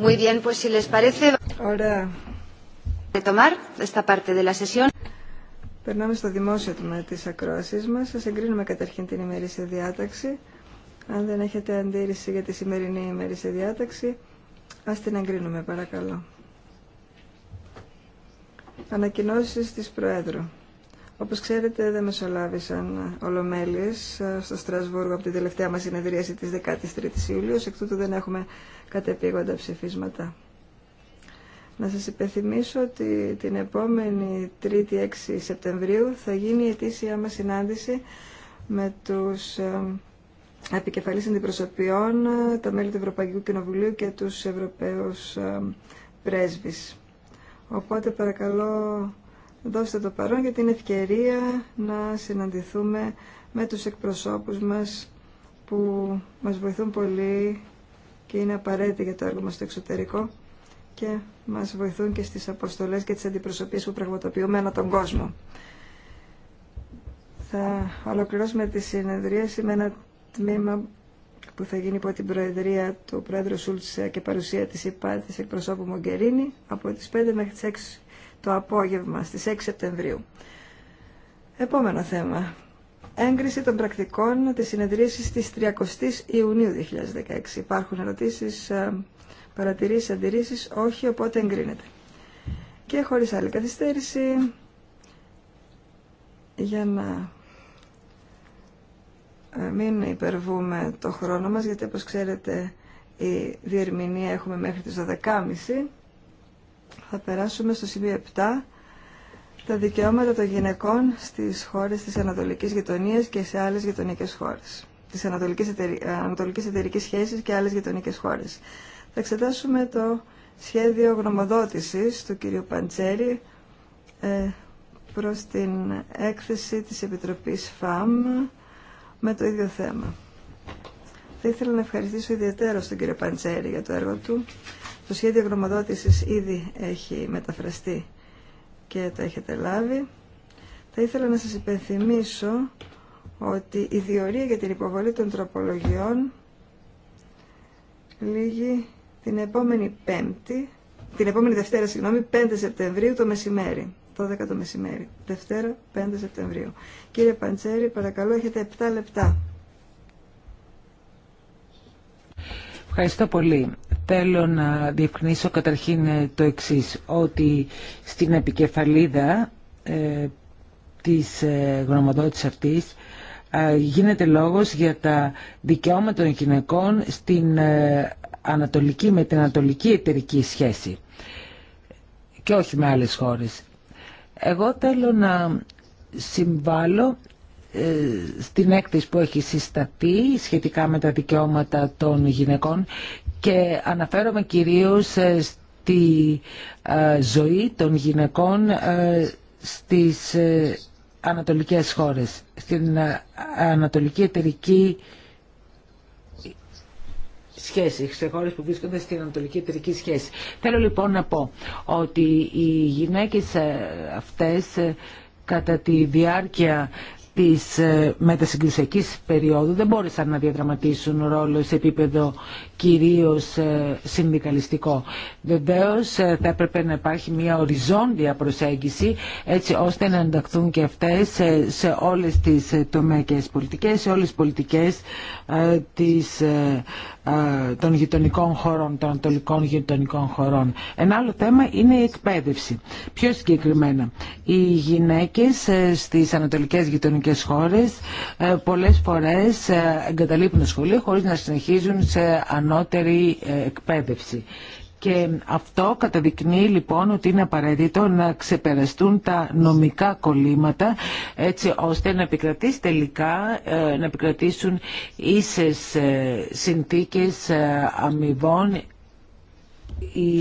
Ωραία. Περνάμε στο δημόσιο τμήμα τη ακρόασή μα. Α εγκρίνουμε καταρχήν την ημερήσια διάταξη. Αν δεν έχετε αντίρρηση για τη σημερινή ημερήσια διάταξη, α την εγκρίνουμε παρακαλώ. Ανακοινώσει τη Προέδρου. Όπως ξέρετε δεν μεσολάβησαν ολομέλειες ε, στο Στρασβούργο από την τελευταία μας συνεδρίαση της 13ης Ιουλίου, εκ τούτου δεν έχουμε κατεπήγοντα ψηφίσματα. Να σας υπενθυμίσω ότι την επόμενη 3η 6 Σεπτεμβρίου θα γίνει η ετήσια η μας συνάντηση με τους ε, επικεφαλής αντιπροσωπιών, ε, τα μέλη του Ευρωπαϊκού Κοινοβουλίου και τους Ευρωπαίους πρέσβεις. Οπότε παρακαλώ Δώστε το παρόν για την ευκαιρία να συναντηθούμε με τους εκπροσώπους μας που μας βοηθούν πολύ και είναι απαραίτητοι για το έργο μας στο εξωτερικό και μας βοηθούν και στις αποστολές και τις αντιπροσωπείες που πραγματοποιούμε ανά τον κόσμο. Θα ολοκληρώσουμε τη συνεδρίαση με ένα τμήμα που θα γίνει υπό την Προεδρία του Πρόεδρου Σούλτσα και παρουσία της ΥΠΑ της εκπροσώπου Μογκερίνη από τις 5 μέχρι τις 6 το απόγευμα στις 6 Σεπτεμβρίου. Επόμενο θέμα. Έγκριση των πρακτικών της συνεδρίασης της 30 Ιουνίου 2016. Υπάρχουν ερωτήσεις, ε, παρατηρήσεις, αντιρρήσεις, όχι, οπότε εγκρίνεται. Και χωρίς άλλη καθυστέρηση, για να ε, μην υπερβούμε το χρόνο μας, γιατί όπως ξέρετε η διερμηνία έχουμε μέχρι τις 12.30, θα περάσουμε στο σημείο 7, τα δικαιώματα των γυναικών στις χώρες της Ανατολικής Γειτονίας και σε άλλες γειτονικές χώρες, της Ανατολικής, εταιρι... Ε, Ανατολικής Εταιρικής Σχέσης και άλλες γειτονικές χώρες. Θα εξετάσουμε το σχέδιο γνωμοδότησης του κυρίου Παντσέρη ε, προς την έκθεση της Επιτροπής ΦΑΜ με το ίδιο θέμα. Θα ήθελα να ευχαριστήσω ιδιαίτερα τον κύριο Παντσέρη για το έργο του το σχέδιο γνωμοδότησης ήδη έχει μεταφραστεί και το έχετε λάβει. Θα ήθελα να σας υπενθυμίσω ότι η διορία για την υποβολή των τροπολογιών λύγει την επόμενη Πέμπτη, την επόμενη Δευτέρα, συγγνώμη, 5 Σεπτεμβρίου το μεσημέρι. 12 το μεσημέρι. Δευτέρα, 5 Σεπτεμβρίου. Κύριε Παντσέρη, παρακαλώ, έχετε 7 λεπτά. Ευχαριστώ πολύ. Θέλω να διευκρινίσω καταρχήν ε, το εξής, ότι στην επικεφαλίδα ε, της ε, αυτής ε, γίνεται λόγος για τα δικαιώματα των γυναικών στην ανατολική, με την ανατολική εταιρική σχέση και όχι με άλλες χώρες. Εγώ θέλω να συμβάλλω στην έκθεση που έχει συσταθεί σχετικά με τα δικαιώματα των γυναικών και αναφέρομαι κυρίως ε, στη ε, ζωή των γυναικών ε, στις ανατολικές χώρες, στην ανατολική εταιρική σχέση, σε χώρες που βρίσκονται στην ανατολική εταιρική σχέση. Θέλω λοιπόν να πω ότι οι γυναίκες αυτές κατά τη διάρκεια της μετασυγκρουσιακής περίοδου δεν μπόρεσαν να διαδραματίσουν ρόλο σε επίπεδο κυρίως ε, συνδικαλιστικό. Βεβαίως ε, θα έπρεπε να υπάρχει μια οριζόντια προσέγγιση έτσι ώστε να ενταχθούν και αυτές σε όλες τις ε, τομέκες πολιτικές, σε όλες τις πολιτικές της, των γειτονικών χωρών, των ανατολικών γειτονικών χωρών. Ένα άλλο θέμα είναι η εκπαίδευση. Πιο συγκεκριμένα, οι γυναίκες στις ανατολικές γειτονικές χώρες πολλές φορές εγκαταλείπουν το σχολείο χωρίς να συνεχίζουν σε ανώτερη ε, εκπαίδευση. Και αυτό καταδεικνύει λοιπόν ότι είναι απαραίτητο να ξεπεραστούν τα νομικά κολλήματα έτσι ώστε να επικρατήσει τελικά, ε, να επικρατήσουν ίσες ε, συνθήκες αμοιβών η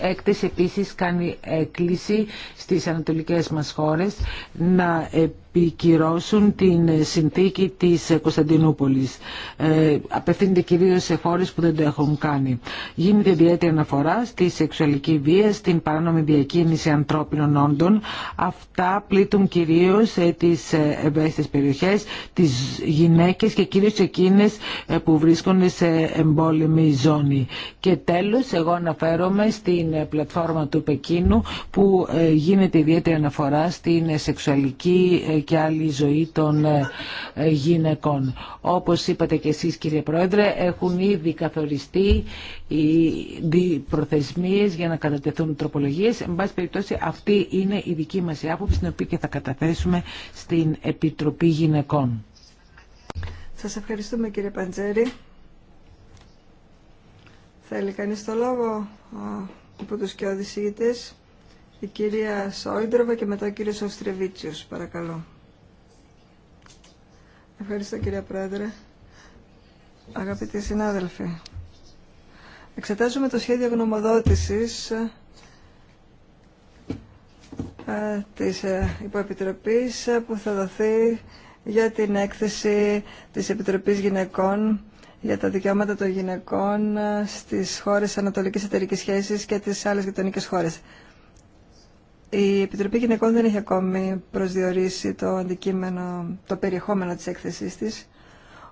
έκθεση επίσης κάνει έκκληση στις ανατολικές μας χώρες να επικυρώσουν την συνθήκη της Κωνσταντινούπολης. Ε, απευθύνεται κυρίως σε χώρες που δεν το έχουν κάνει. Γίνεται ιδιαίτερη αναφορά στη σεξουαλική βία, στην παράνομη διακίνηση ανθρώπινων όντων. Αυτά πλήττουν κυρίως ε, τις ε, ευαίσθητες περιοχές, τις γυναίκες και κυρίως εκείνες ε, που βρίσκονται σε εμπόλεμη ζώνη. Και τέλος, εγώ αναφέρομαι στην πλατφόρμα του Πεκίνου που γίνεται ιδιαίτερη αναφορά στην σεξουαλική και άλλη ζωή των ε, ε, γυναικών. Όπως είπατε και εσείς κύριε Πρόεδρε, έχουν ήδη καθοριστεί οι προθεσμίες για να κατατεθούν τροπολογίες. Εν πάση περιπτώσει αυτή είναι η δική μας άποψη την οποία και θα καταθέσουμε στην Επιτροπή Γυναικών. Σας ευχαριστούμε κύριε Παντζέρη. Θέλει κανείς το λόγο από τους και οδησίτες. Η κυρία Σόιντροβα και μετά ο κύριος Αυστρεβίτσιος, παρακαλώ. Ευχαριστώ κύριε Πρόεδρε. Αγαπητοί συνάδελφοι, εξετάζουμε το σχέδιο γνωμοδότησης ε, της ε, υποεπιτροπής ε, που θα δοθεί για την έκθεση της Επιτροπής Γυναικών για τα δικαιώματα των γυναικών στις χώρες Ανατολικής Εταιρικής Σχέσης και τις άλλες γειτονικές χώρες. Η Επιτροπή Γυναικών δεν έχει ακόμη προσδιορίσει το αντικείμενο, το περιεχόμενο της έκθεσής της,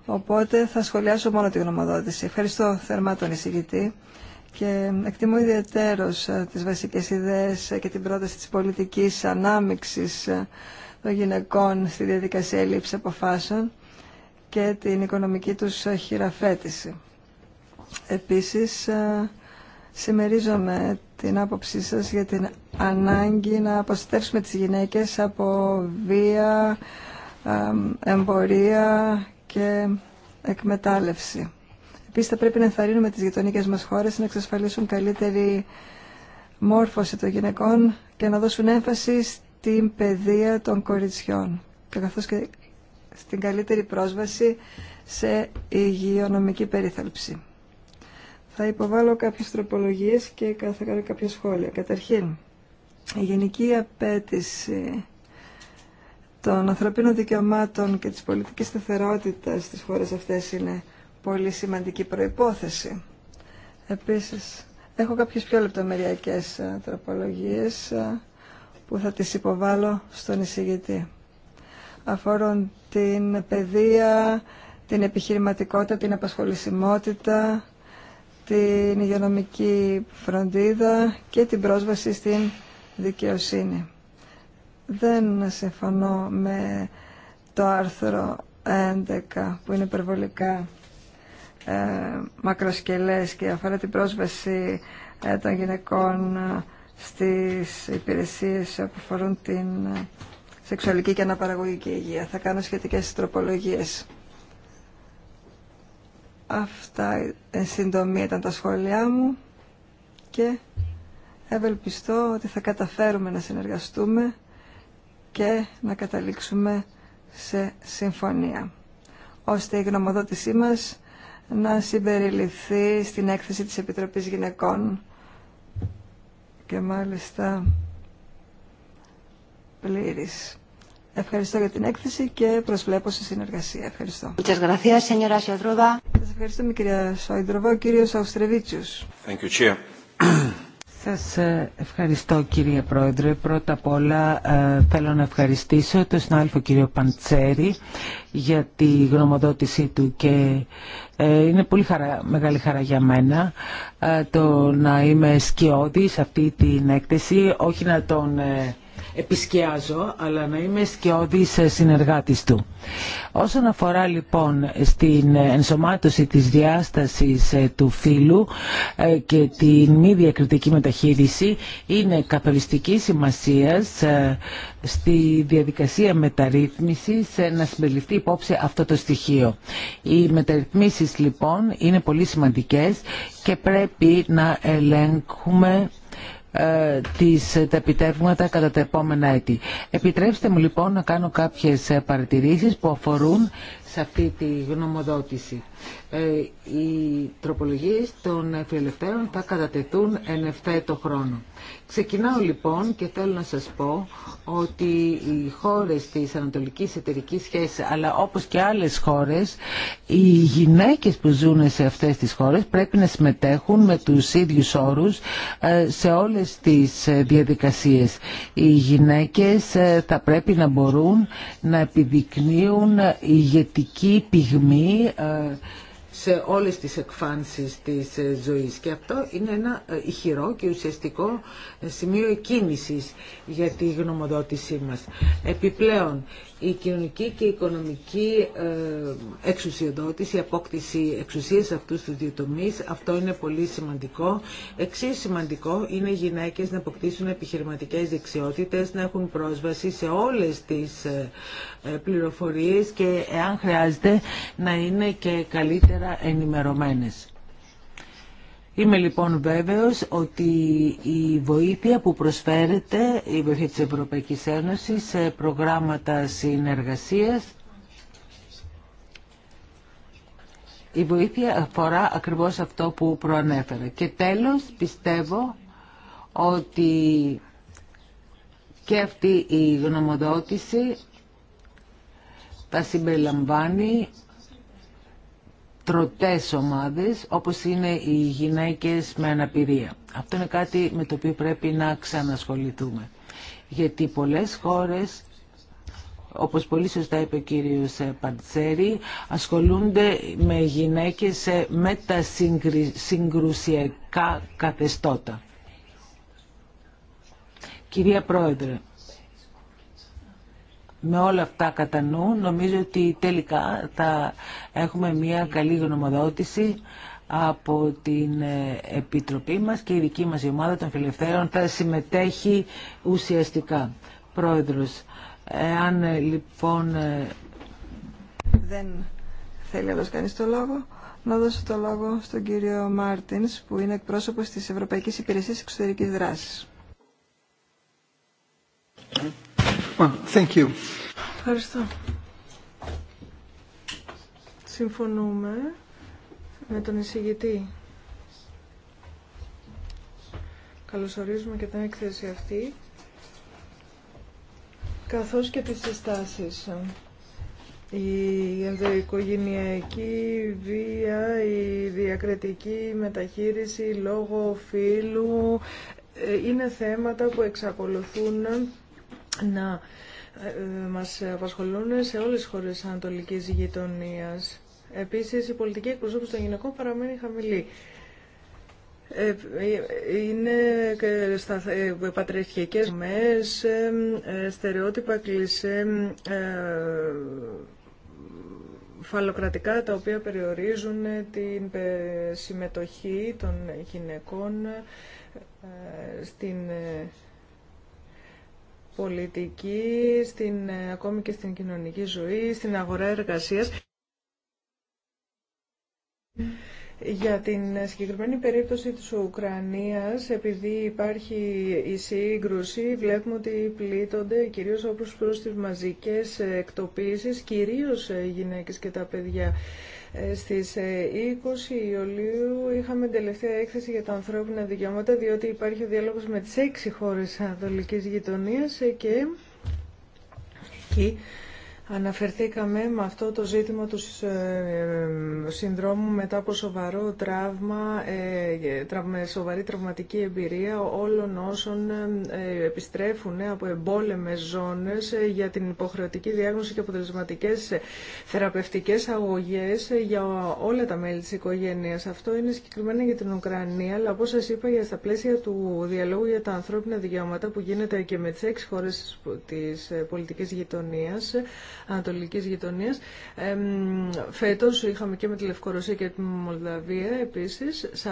οπότε θα σχολιάσω μόνο τη γνωμοδότηση. Ευχαριστώ θερμά τον εισηγητή και εκτιμώ ιδιαίτερως ε, τις βασικές ιδέες και την πρόταση της πολιτικής ανάμειξης ε, των γυναικών στη διαδικασία λήψη αποφάσεων και την οικονομική τους χειραφέτηση. Επίσης, ε, Συμμερίζομαι την άποψή σας για την ανάγκη να αποστεύσουμε τις γυναίκες από βία, εμπορία και εκμετάλλευση. Επίσης θα πρέπει να ενθαρρύνουμε τις γειτονικές μας χώρες να εξασφαλίσουν καλύτερη μόρφωση των γυναικών και να δώσουν έμφαση στην παιδεία των κοριτσιών και καθώς και στην καλύτερη πρόσβαση σε υγειονομική περίθαλψη. Θα υποβάλω κάποιες τροπολογίες και θα κάνω κάποια σχόλια. Καταρχήν, η γενική απέτηση των ανθρωπίνων δικαιωμάτων και της πολιτικής σταθερότητας στις χώρες αυτές είναι πολύ σημαντική προϋπόθεση. Επίσης, έχω κάποιες πιο λεπτομεριακές ε, τροπολογίες ε, που θα τις υποβάλω στον εισηγητή. Αφορούν την παιδεία, την επιχειρηματικότητα, την απασχολησιμότητα, την υγειονομική φροντίδα και την πρόσβαση στην δικαιοσύνη. Δεν συμφωνώ με το άρθρο 11 που είναι υπερβολικά ε, μακροσκελές και αφορά την πρόσβαση ε, των γυναικών ε, στις υπηρεσίες που αφορούν την ε, σεξουαλική και αναπαραγωγική υγεία. Θα κάνω σχετικές τροπολογίες. Αυτά εν συντομή ήταν τα σχόλιά μου και ευελπιστώ ότι θα καταφέρουμε να συνεργαστούμε και να καταλήξουμε σε συμφωνία ώστε η γνωμοδότησή μας να συμπεριληφθεί στην έκθεση της Επιτροπής Γυναικών και μάλιστα πλήρης. Ευχαριστώ για την έκθεση και προσβλέπω στη συνεργασία. Ευχαριστώ. Σας ευχαριστούμε κυρία Σόιντροβα. Ο κύριος Αυστρεβίτσιος. Σας ε, ευχαριστώ κύριε Πρόεδρε. Πρώτα απ' όλα ε, θέλω να ευχαριστήσω τον συνάδελφο κύριο Παντσέρη για τη γνωμοδότησή του και ε, είναι πολύ χαρά, μεγάλη χαρά για μένα το να είμαι σκιώδη σε αυτή την έκθεση, όχι να τον επισκιάζω, αλλά να είμαι σκιώδης συνεργάτης του. Όσον αφορά λοιπόν στην ενσωμάτωση της διάστασης ε, του φύλου ε, και την μη διακριτική μεταχείριση είναι καθοριστική σημασίας ε, στη διαδικασία μεταρρύθμισης να συμπεριληφθεί υπόψη αυτό το στοιχείο. Οι μεταρρυθμίσεις λοιπόν είναι πολύ σημαντικές και πρέπει να ελέγχουμε ε, τις, ε, τα επιτεύγματα κατά τα επόμενα έτη. Επιτρέψτε μου λοιπόν να κάνω κάποιες ε, παρατηρήσεις που αφορούν σε αυτή τη γνωμοδότηση. Ε, οι τροπολογίες των φιλελευθέρων θα κατατεθούν εν ευθέτω χρόνο. Ξεκινάω λοιπόν και θέλω να σας πω ότι οι χώρες της Ανατολικής Εταιρικής Σχέσης αλλά όπως και άλλες χώρες οι γυναίκες που ζουν σε αυτές τις χώρες πρέπει να συμμετέχουν με τους ίδιους όρους ε, σε όλες τις ε, διαδικασίες. Οι γυναίκες θα πρέπει να μπορούν να επιδεικνύουν ηγετική πολιτική πυγμή ε, σε όλες τις εκφάνσεις της ε, ζωής και αυτό είναι ένα ε, ηχηρό και ουσιαστικό ε, σημείο κίνησης για τη γνωμοδότησή μας. Επιπλέον, η κοινωνική και η οικονομική εξουσιοδότηση, η απόκτηση εξουσίας αυτούς του δύο αυτό είναι πολύ σημαντικό. Εξίσου σημαντικό είναι οι γυναίκες να αποκτήσουν επιχειρηματικές δεξιότητες, να έχουν πρόσβαση σε όλες τις πληροφορίες και εάν χρειάζεται να είναι και καλύτερα ενημερωμένες. Είμαι λοιπόν βέβαιος ότι η βοήθεια που προσφέρεται, η βοήθεια της Ευρωπαϊκής Ένωσης σε προγράμματα συνεργασίας, η βοήθεια αφορά ακριβώς αυτό που προανέφερα. Και τέλος πιστεύω ότι και αυτή η γνωμοδότηση θα συμπεριλαμβάνει τροτές ομάδες όπως είναι οι γυναίκες με αναπηρία. Αυτό είναι κάτι με το οποίο πρέπει να ξανασχοληθούμε. Γιατί πολλές χώρες, όπως πολύ σωστά είπε ο κύριος Παντσέρη, ασχολούνται με γυναίκες με τα συγκρουσιακά καθεστώτα. Κυρία Πρόεδρε, με όλα αυτά κατά νου, νομίζω ότι τελικά θα έχουμε μια καλή γνωμοδότηση από την ε, Επιτροπή μας και η δική μας ομάδα των φιλελευθέρων θα συμμετέχει ουσιαστικά. Πρόεδρος, εάν ε, λοιπόν... Ε, Δεν θέλει άλλος κανείς το λόγο. Να δώσω το λόγο στον κύριο Μάρτινς που είναι εκπρόσωπος της Ευρωπαϊκής Υπηρεσίας Εξωτερικής Δράσης. Ευχαριστώ. Συμφωνούμε με τον εισηγητή. Καλωσορίζουμε και την έκθεση αυτή, καθώς και τις συστάσεις. Η ενδοοικογενειακή βία, η διακριτική μεταχείριση λόγω φίλου, ε, είναι θέματα που εξακολουθούν να ε, ε, μας απασχολούν σε όλες τις χώρες της Ανατολικής Γειτονίας. Επίσης, η πολιτική εκπροσώπηση των γυναικών παραμένει χαμηλή. Ε, είναι στα πατριαρχικές μες, στερεότυπα κλισέ, φαλοκρατικά τα οποία περιορίζουν την συμμετοχή των γυναικών στην πολιτική, στην, ε, ακόμη και στην κοινωνική ζωή, στην αγορά εργασίας. Για την συγκεκριμένη περίπτωση της Ουκρανίας, επειδή υπάρχει η σύγκρουση, βλέπουμε ότι πλήττονται κυρίως όπως προς τις μαζικές εκτοπίσεις, κυρίως ε, οι γυναίκες και τα παιδιά. Ε, στις 20 ε, Ιουλίου είχαμε τελευταία έκθεση για τα ανθρώπινα δικαιώματα, διότι υπάρχει ο διάλογος με τις έξι χώρες ανατολικής γειτονίας και Αναφερθήκαμε με αυτό το ζήτημα του ε, ε, συνδρόμου μετά από σοβαρό τραύμα, ε, σοβαρή τραυματική εμπειρία όλων όσων επιστρέφουν από εμπόλεμες ζώνες για την υποχρεωτική διάγνωση και αποτελεσματικές θεραπευτικές αγωγές για όλα τα μέλη της οικογένειας. Αυτό είναι συγκεκριμένα για την Ουκρανία, αλλά όπως σας είπα στα πλαίσια του διαλόγου για τα ανθρώπινα δικαιώματα που γίνεται και με τις έξι χώρες της πολιτικής γειτονίας, Ανατολική γειτονία. Ε, φέτος είχαμε και με τη Λευκορωσία και τη Μολδαβία επίση. Στα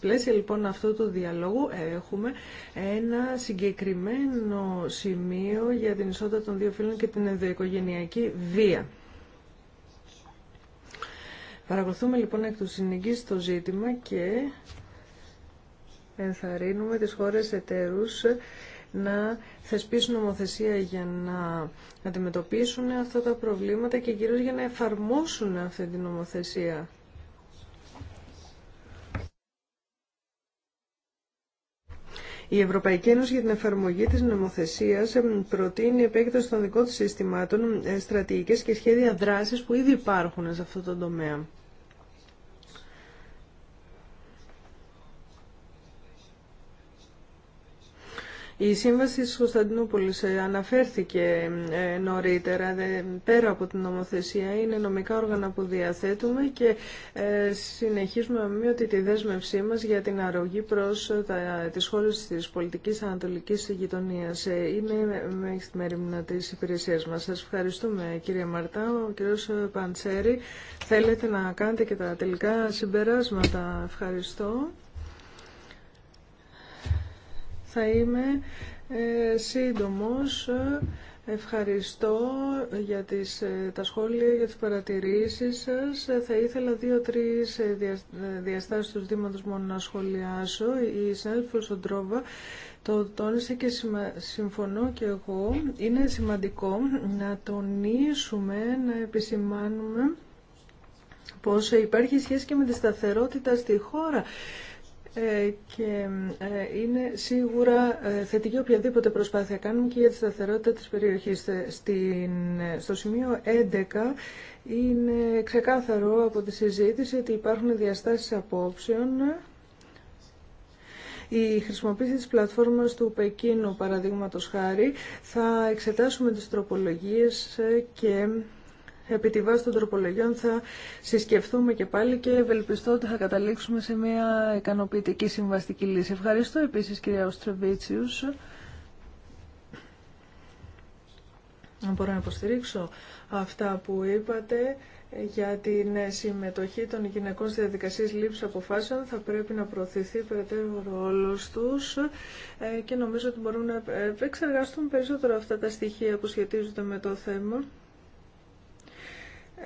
πλαίσια λοιπόν αυτού του διαλόγου έχουμε ένα συγκεκριμένο σημείο για την ισότητα των δύο φίλων και την ενδοοικογενειακή βία. Παρακολουθούμε λοιπόν εκ του συνεγγύς το ζήτημα και ενθαρρύνουμε τις χώρες εταίρους να θεσπίσουν νομοθεσία για να αντιμετωπίσουν αυτά τα προβλήματα και κυρίως για να εφαρμόσουν αυτή την νομοθεσία. Η Ευρωπαϊκή Ένωση για την εφαρμογή της νομοθεσίας προτείνει επέκταση των δικών της συστημάτων, ε, στρατηγικές και σχέδια δράσης που ήδη υπάρχουν σε αυτό το τομέα. Η Σύμβαση της Κωνσταντινούπολης ε, αναφέρθηκε ε, νωρίτερα, πέρα από την νομοθεσία, είναι νομικά όργανα που διαθέτουμε και ε, συνεχίζουμε μια τη δέσμευσή μας για την αρρωγή προς τα, τις χώρες της πολιτικής ανατολικής γειτονίας. Είναι μέχρι τη μερίμνα της υπηρεσίας μας. Σας ευχαριστούμε κύριε Μαρτά, ο κύριος Παντσέρη. Θέλετε να κάνετε και τα τελικά συμπεράσματα. Ευχαριστώ. Θα είμαι ε, σύντομος. Ευχαριστώ για τις, ε, τα σχόλια, για τις παρατηρήσεις σας. Θα ήθελα δύο-τρεις ε, διαστάσεις του Δήματος μόνο να σχολιάσω. Η ο Σοντρόβα το τόνισε και συμφωνώ και εγώ. Είναι σημαντικό να τονίσουμε, να επισημάνουμε πως υπάρχει σχέση και με τη σταθερότητα στη χώρα. Ε, και ε, είναι σίγουρα ε, θετική οποιαδήποτε προσπάθεια κάνουμε και για τη σταθερότητα της περιοχής. Στην, στο σημείο 11 είναι ξεκάθαρο από τη συζήτηση ότι υπάρχουν διαστάσεις απόψεων η χρησιμοποίηση της πλατφόρμας του Πεκίνου, παραδείγματος χάρη, θα εξετάσουμε τις τροπολογίες και επί τη βάση των τροπολογιών θα συσκεφθούμε και πάλι και ευελπιστώ ότι θα καταλήξουμε σε μια ικανοποιητική συμβαστική λύση. Ευχαριστώ επίσης κυρία Οστρεβίτσιους. Μπορώ να υποστηρίξω αυτά που είπατε για την συμμετοχή των γυναικών στη διαδικασία λήψη αποφάσεων θα πρέπει να προωθηθεί περαιτέρω ρόλος του ε, και νομίζω ότι μπορούμε να εξεργαστούν περισσότερο αυτά τα στοιχεία που σχετίζονται με το θέμα.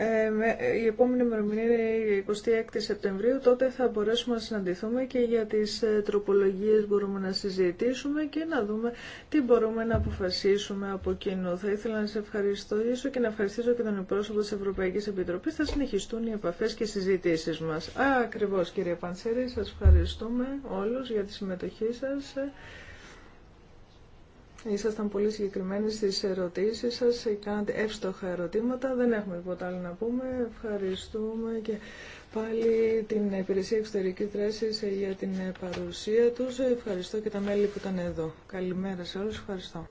Ε, η επόμενη ημερομηνία είναι η 26 Σεπτεμβρίου, τότε θα μπορέσουμε να συναντηθούμε και για τις ε, τροπολογίες μπορούμε να συζητήσουμε και να δούμε τι μπορούμε να αποφασίσουμε από κοινού. Θα ήθελα να σε ευχαριστήσω και να ευχαριστήσω και τον πρόσωπο της Ευρωπαϊκής Επιτροπής. Θα συνεχιστούν οι επαφές και οι συζητήσεις μας. Α, ακριβώς κύριε Παντσέρη, σας ευχαριστούμε όλους για τη συμμετοχή σας. Ε, Ήσασταν πολύ συγκεκριμένοι στις ερωτήσεις σας, κάνατε εύστοχα ερωτήματα, δεν έχουμε τίποτα άλλο να πούμε. Ευχαριστούμε και πάλι την Υπηρεσία Εξωτερικής Δράσης για την παρουσία τους. Ευχαριστώ και τα μέλη που ήταν εδώ. Καλημέρα σε όλους, ευχαριστώ.